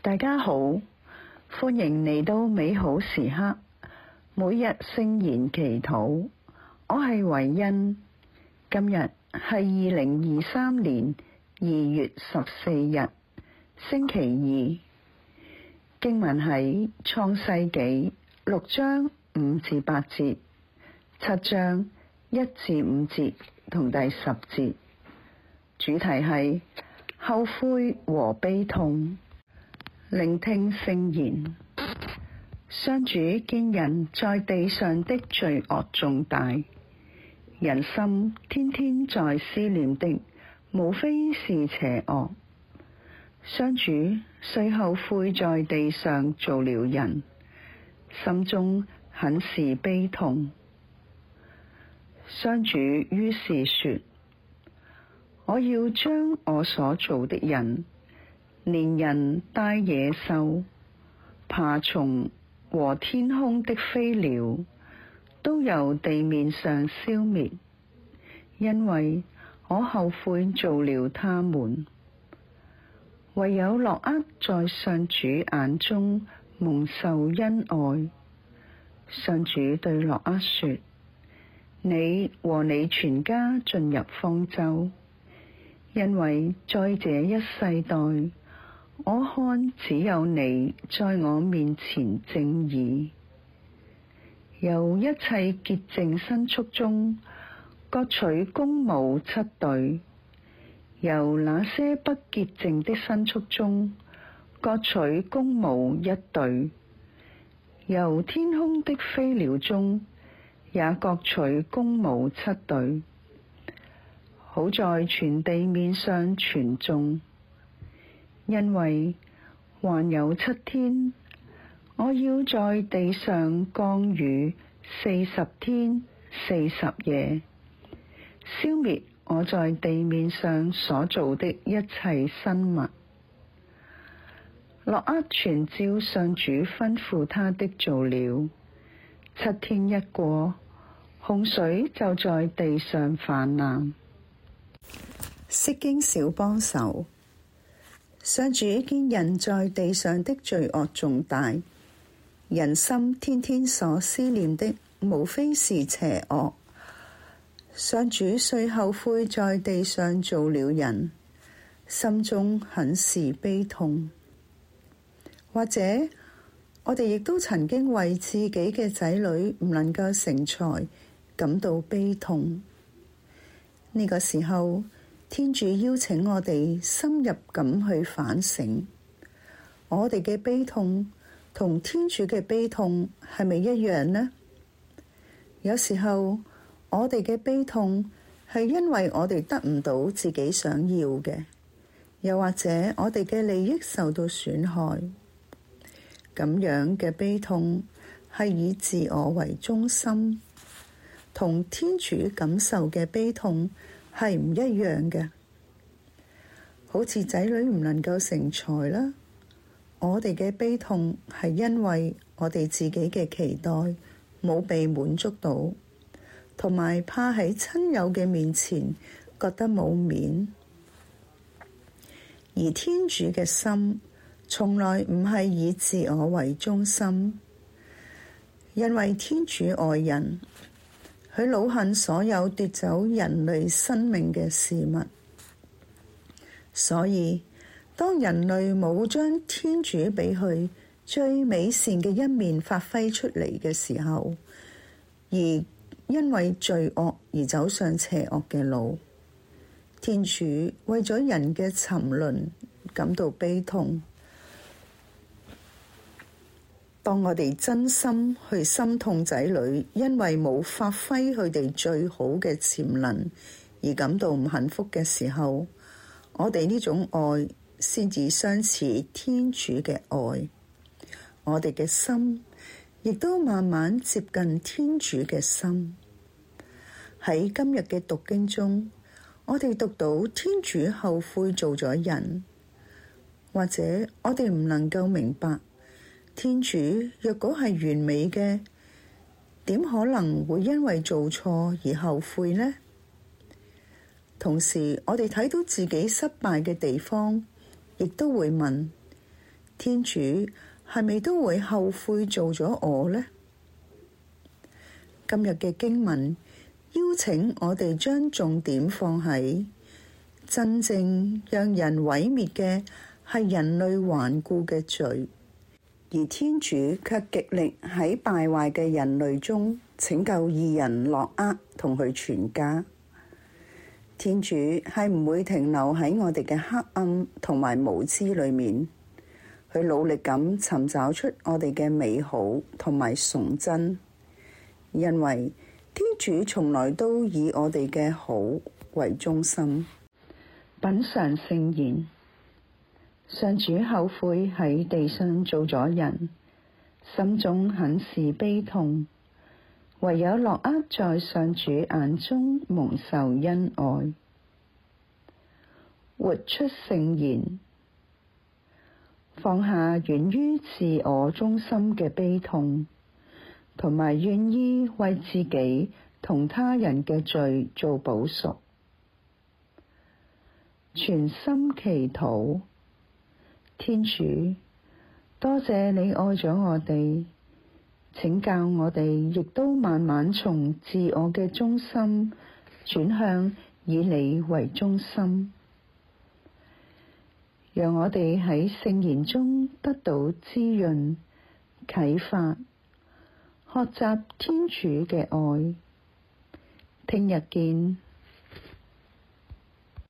大家好，歡迎嚟到美好時刻。每日聖言祈禱，我係維恩。今日係二零二三年二月十四日，星期二。經文係創世紀六章五至八節，七章一至五節同第十節。主題係後悔和悲痛。聆聽聖言，上主見人在地上的罪惡重大，人心天天在思念的，無非是邪惡。上主遂後悔在地上造了人，心中很是悲痛。上主於是說：我要將我所造的人。連人帶野獸、爬蟲和天空的飛鳥，都由地面上消滅，因為我後悔造了他們。唯有諾厄在上主眼中蒙受恩愛。上主對諾厄說：你和你全家進入方舟，因為在這一世代。我看只有你在我面前正義，由一切潔淨牲畜中各取公母七對，由那些不潔淨的牲畜中各取公母一對，由天空的飛鳥中也各取公母七對，好在全地面上傳種。因為還有七天，我要在地上降雨四十天四十夜，消滅我在地面上所造的一切生物。諾克諾厄全照上主吩咐他的做了，七天一過，洪水就在地上泛濫。釋經小幫手。上主見人在地上的罪惡重大，人心天天所思念的無非是邪惡。上主遂後悔在地上造了人，心中很是悲痛。或者我哋亦都曾經為自己嘅仔女唔能夠成才感到悲痛。呢、這個時候。天主邀請我哋深入咁去反省，我哋嘅悲痛同天主嘅悲痛係咪一樣呢？有時候我哋嘅悲痛係因為我哋得唔到自己想要嘅，又或者我哋嘅利益受到損害，咁樣嘅悲痛係以自我為中心，同天主感受嘅悲痛。係唔一樣嘅，好似仔女唔能夠成才啦。我哋嘅悲痛係因為我哋自己嘅期待冇被滿足到，同埋怕喺親友嘅面前覺得冇面。而天主嘅心從來唔係以自我為中心，因為天主愛人。佢惱恨所有奪走人類生命嘅事物，所以當人類冇將天主畀佢最美善嘅一面發揮出嚟嘅時候，而因為罪惡而走上邪惡嘅路，天主為咗人嘅沉淪感到悲痛。當我哋真心去心痛仔女，因為冇發揮佢哋最好嘅潛能而感到唔幸福嘅時候，我哋呢種愛先至相似天主嘅愛，我哋嘅心亦都慢慢接近天主嘅心。喺今日嘅讀經中，我哋讀到天主後悔造咗人，或者我哋唔能夠明白。天主若果係完美嘅，點可能會因為做錯而後悔呢？同時，我哋睇到自己失敗嘅地方，亦都會問天主係咪都會後悔做咗我呢？今日嘅經文邀請我哋將重點放喺真正讓人毀滅嘅係人類頑固嘅罪。而天主卻極力喺敗壞嘅人類中拯救義人諾厄同佢全家。天主係唔會停留喺我哋嘅黑暗同埋無知裏面，佢努力咁尋找出我哋嘅美好同埋純真。因為天主從來都以我哋嘅好為中心，品嘗聖言。上主後悔喺地上造咗人，心中很是悲痛，唯有諾厄在上主眼中蒙受恩愛。活出聖言，放下源於自我中心嘅悲痛，同埋願意為自己同他人嘅罪做補贖，全心祈禱。天主，多謝你愛咗我哋，請教我哋亦都慢慢從自我嘅中心轉向以你為中心，讓我哋喺聖言中得到滋潤、啟發、學習天主嘅愛。聽日見。